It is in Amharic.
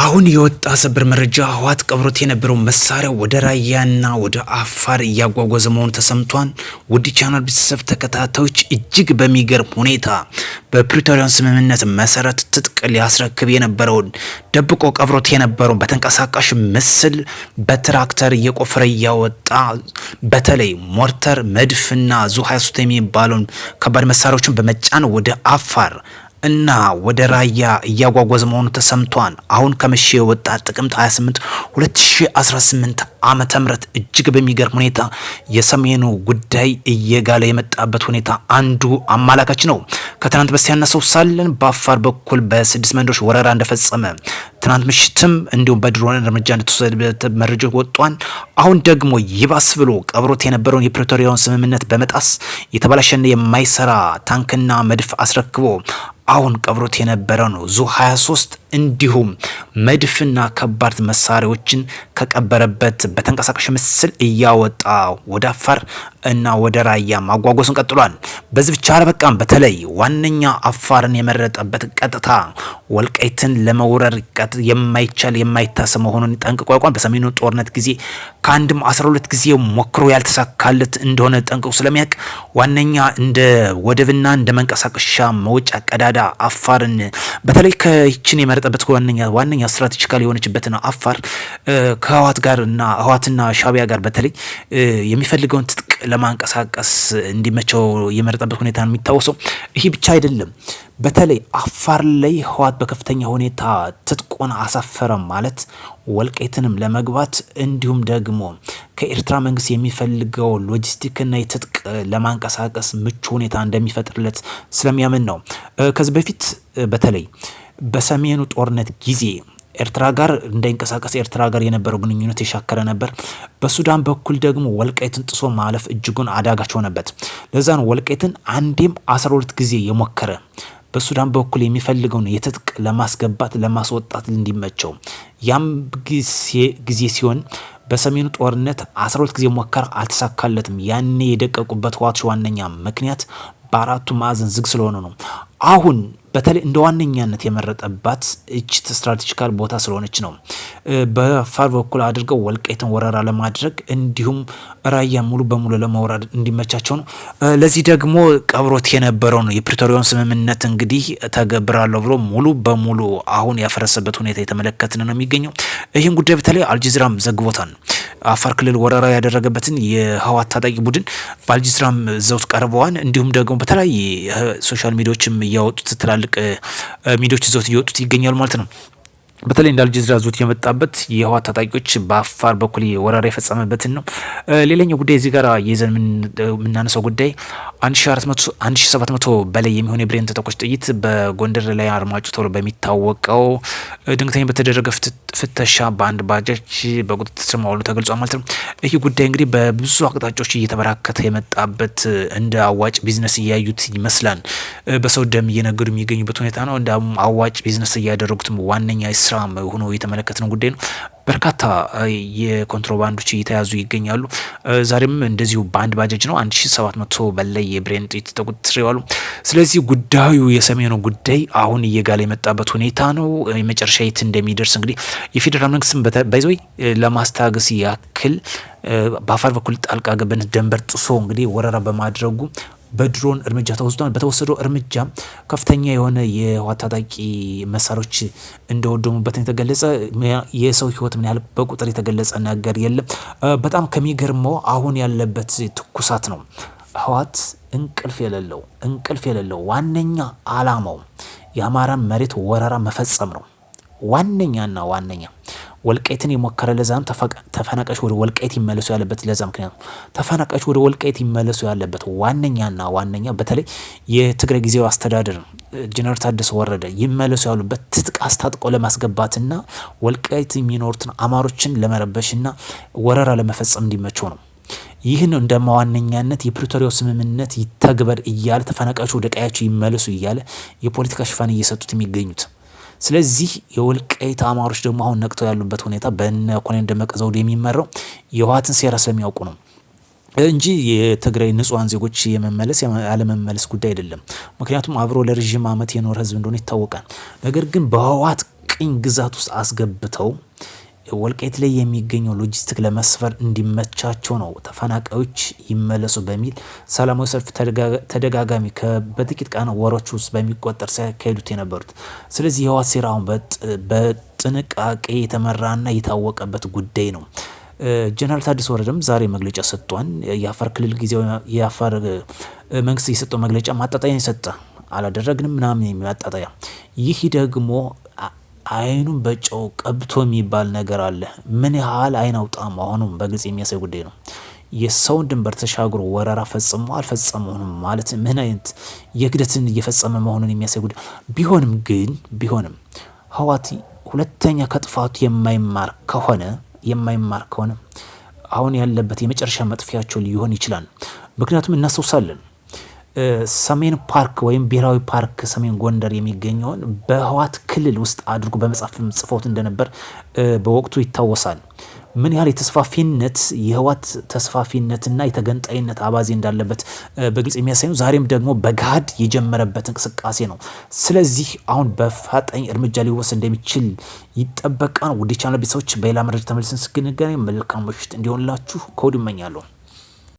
አሁን የወጣ ሰበር መረጃ ህወሓት ቀብሮት የነበረው መሳሪያ ወደ ራያና ወደ አፋር እያጓጓዘ መሆኑ ተሰምቷል። ውድ ቻናል ቤተሰብ ተከታታዮች እጅግ በሚገርም ሁኔታ በፕሪቶሪያን ስምምነት መሰረት ትጥቅ ሊያስረክብ የነበረውን ደብቆ ቀብሮት የነበረውን በተንቀሳቃሽ ምስል በትራክተር እየቆፈረ እያወጣ በተለይ ሞርተር፣ መድፍና ዙ 23 የሚባለውን ከባድ መሳሪያዎችን በመጫን ወደ አፋር እና ወደ ራያ እያጓጓዘ መሆኑ ተሰምቷል። አሁን ከምሽ የወጣ ጥቅምት 28 2018 ዓመተ ምህረት እጅግ በሚገርም ሁኔታ የሰሜኑ ጉዳይ እየጋለ የመጣበት ሁኔታ አንዱ አመላካች ነው። ከትናንት በስቲያ ሳለን በአፋር በኩል በስድስት መንደሮች ወረራ እንደፈጸመ ትናንት ምሽትም እንዲሁም በድሮን እርምጃ እንደተወሰደበት መረጃ ወጥቷል። አሁን ደግሞ ይባስ ብሎ ቀብሮት የነበረውን የፕሪቶሪያውን ስምምነት በመጣስ የተበላሸና የማይሰራ ታንክና መድፍ አስረክቦ አሁን ቀብሮት የነበረ ነው ዙ 23 እንዲሁም መድፍና ከባድ መሳሪያዎችን ከቀበረበት በተንቀሳቃሽ ምስል እያወጣ ወደ አፋር እና ወደ ራያ ማጓጓዙን ቀጥሏል። በዚህ ብቻ አልበቃም። በተለይ ዋነኛ አፋርን የመረጠበት ቀጥታ ወልቃይትን ለመውረር የማይቻል የማይታሰብ መሆኑን ጠንቅቆ ያውቋል። በሰሜኑ ጦርነት ጊዜ ከአንድም 12 ጊዜ ሞክሮ ያልተሳካለት እንደሆነ ጠንቅቆ ስለሚያውቅ ዋነኛ እንደ ወደብና እንደ መንቀሳቀሻ መውጫ ቀዳዳ አፋርን በተለይ ከችን የመረጠበት ዋነኛ ዋነኛ ከፍተኛ ስትራቴጂካል የሆነችበትን አፋር ከህዋት ጋር እና ህዋትና ሻቢያ ጋር በተለይ የሚፈልገውን ትጥቅ ለማንቀሳቀስ እንዲመቸው የመረጠበት ሁኔታ ነው የሚታወሰው። ይህ ብቻ አይደለም። በተለይ አፋር ላይ ህዋት በከፍተኛ ሁኔታ ትጥቁን አሳፈረ ማለት ወልቄትንም ለመግባት እንዲሁም ደግሞ ከኤርትራ መንግስት የሚፈልገው ሎጂስቲክና የትጥቅ ለማንቀሳቀስ ምቹ ሁኔታ እንደሚፈጥርለት ስለሚያምን ነው። ከዚህ በፊት በተለይ በሰሜኑ ጦርነት ጊዜ ኤርትራ ጋር እንዳይንቀሳቀስ ኤርትራ ጋር የነበረው ግንኙነት የሻከረ ነበር። በሱዳን በኩል ደግሞ ወልቃይትን ጥሶ ማለፍ እጅጉን አዳጋች ሆነበት። ለዛ ነው ወልቃይትን አንዴም አስራ ሁለት ጊዜ የሞከረ በሱዳን በኩል የሚፈልገውን የትጥቅ ለማስገባት ለማስወጣት እንዲመቸው ያም ጊዜ ሲሆን በሰሜኑ ጦርነት አስራ ሁለት ጊዜ ሞከረ፣ አልተሳካለትም። ያኔ የደቀቁበት ህወሓቶች ዋነኛ ምክንያት በአራቱ ማዕዘን ዝግ ስለሆነ ነው። አሁን በተለይ እንደ ዋነኛነት የመረጠባት እች ስትራቴጂካል ቦታ ስለሆነች ነው። በፋር በኩል አድርገው ወልቃይትን ወረራ ለማድረግ እንዲሁም ራያ ሙሉ በሙሉ ለመውራድ እንዲመቻቸው ነው። ለዚህ ደግሞ ቀብሮት የነበረው ነው የፕሪቶሪያውን ስምምነት እንግዲህ ተገብራለሁ ብሎ ሙሉ በሙሉ አሁን ያፈረሰበት ሁኔታ የተመለከትን ነው የሚገኘው። ይህን ጉዳይ በተለይ አልጀዚራም ዘግቦታል። አፋር ክልል ወረራ ያደረገበትን የህወሓት ታጣቂ ቡድን በአልጀዚራም ዘውት ቀርበዋል። እንዲሁም ደግሞ በተለያየ ሶሻል ሚዲያዎችም እያወጡት ትላልቅ ሚዲያዎች ዘውት እየወጡት ይገኛሉ ማለት ነው። በተለይ እንደ አልጀዚራ ዙት የመጣበት የህወሓት ታጣቂዎች በአፋር በኩል ወረራ የፈጸመበትን ነው። ሌላኛው ጉዳይ እዚህ ጋር ይዘን የምናነሳው ጉዳይ 1700 በላይ የሚሆን የብሬን ተተኳሽ ጥይት በጎንደር ላይ አርማጭሆ ተብሎ በሚታወቀው ድንገተኛ በተደረገ ፍተሻ በአንድ ባጃጅ በቁጥጥር ስር መዋሉ ተገልጿል ማለት ነው። ይህ ጉዳይ እንግዲህ በብዙ አቅጣጫዎች እየተበራከተ የመጣበት እንደ አዋጭ ቢዝነስ እያዩት ይመስላል። በሰው ደም እየነገዱ የሚገኙበት ሁኔታ ነው። እንደ አዋጭ ቢዝነስ እያደረጉትም ዋነኛ ስራ ሆኖ የተመለከትነው ጉዳይ ነው። በርካታ የኮንትሮባንዶች እየተያዙ ይገኛሉ። ዛሬም እንደዚሁ በአንድ ባጃጅ ነው 1700 በላይ የብሬን ጥይት ተቆጥረዋል። ስለዚህ ጉዳዩ የሰሜኑ ጉዳይ አሁን እየጋለ የመጣበት ሁኔታ ነው። የመጨረሻ የት እንደሚደርስ እንግዲህ የፌዴራል መንግስትም ባይዘወይ ለማስታገስ ያክል በአፋር በኩል ጣልቃ ገብነት ደንበር ጥሶ እንግዲህ ወረራ በማድረጉ በድሮን እርምጃ ተወስዷል። በተወሰደው እርምጃ ከፍተኛ የሆነ የህወሓት ታጣቂ መሳሪያዎች እንደወደሙበት የተገለጸ የሰው ህይወት ምን ያህል በቁጥር የተገለጸ ነገር የለም። በጣም ከሚገርመው አሁን ያለበት ትኩሳት ነው። ህወሓት እንቅልፍ የሌለው እንቅልፍ የሌለው ዋነኛ አላማው የአማራን መሬት ወረራ መፈጸም ነው። ዋነኛና ዋነኛ ወልቃይትን የሞከረ ለዛም ተፈናቃዮች ወደ ወልቃይት ይመለሱ ያለበት ለዛ ምክንያት ነው። ተፈናቃዮች ወደ ወልቃይት ይመለሱ ያለበት ዋነኛና ዋነኛ በተለይ የትግራይ ጊዜያዊ አስተዳደር ጀነራል ታደሰ ወረደ ይመለሱ ያሉበት ትጥቅ አስታጥቆ ለማስገባትና ወልቃይት የሚኖሩትን አማሮችን ለመረበሽና ወረራ ለመፈጸም እንዲመቸው ነው። ይህን እንደማ ዋነኛነት የፕሪቶሪያው ስምምነት ይተግበር እያለ ተፈናቃዮች ወደ ቀያቸው ይመለሱ እያለ የፖለቲካ ሽፋን እየሰጡት የሚገኙት ስለዚህ የወልቃይት አማሮች ደግሞ አሁን ነቅተው ያሉበት ሁኔታ በነ ኮሎኔል ደመቀ ዘውዱ የሚመራው የህወሓትን ሴራ ስለሚያውቁ ነው እንጂ የትግራይ ንጹሐን ዜጎች የመመለስ ያለመመለስ ጉዳይ አይደለም። ምክንያቱም አብሮ ለረዥም ዓመት የኖረ ህዝብ እንደሆነ ይታወቃል። ነገር ግን በህወሓት ቅኝ ግዛት ውስጥ አስገብተው ወልቃይት ላይ የሚገኘው ሎጂስቲክ ለመስፈር እንዲመቻቸው ነው ተፈናቃዮች ይመለሱ በሚል ሰላማዊ ሰልፍ ተደጋጋሚ በጥቂት ቀን ወሮች ውስጥ በሚቆጠር ሲያካሂዱት የነበሩት። ስለዚህ የህወሓት ሴራ አሁን በጥንቃቄ የተመራና የታወቀበት ጉዳይ ነው። ጀነራል ታደሰ ወረደም ዛሬ መግለጫ ሰጥቷን የአፋር ክልል ጊዜ የአፋር መንግስት የሰጠው መግለጫ ማጣጣያ የሰጠ አላደረግንም ምናምን የሚያጣጣያ ይህ ደግሞ አይኑን በጨው ቀብቶ የሚባል ነገር አለ። ምን ያህል አይን አውጣ መሆኑም በግልጽ የሚያሳይ ጉዳይ ነው። የሰውን ድንበር ተሻግሮ ወረራ ፈጽሞ አልፈጸመሆኑም ማለት ምን አይነት የክደትን እየፈጸመ መሆኑን የሚያሳይ ጉዳይ ቢሆንም ግን ቢሆንም ህወሓት ሁለተኛ ከጥፋቱ የማይማር ከሆነ የማይማር ከሆነ አሁን ያለበት የመጨረሻ መጥፊያቸው ሊሆን ይችላል። ምክንያቱም እናስታውሳለን ሰሜን ፓርክ ወይም ብሔራዊ ፓርክ ሰሜን ጎንደር የሚገኘውን በህዋት ክልል ውስጥ አድርጎ በመጽሐፍም ጽፎት እንደነበር በወቅቱ ይታወሳል። ምን ያህል የተስፋፊነት የህዋት ተስፋፊነትና የተገንጣይነት አባዜ እንዳለበት በግልጽ የሚያሳዩ ዛሬም ደግሞ በጋድ የጀመረበት እንቅስቃሴ ነው። ስለዚህ አሁን በፈጣኝ እርምጃ ሊወሰድ እንደሚችል ይጠበቃል። ውድ ቻናል ቤተሰቦች በሌላ መረጃ ተመልሰን ስንገናኝ መልካም ምሽት እንዲሆንላችሁ ከወዲሁ እመኛለሁ።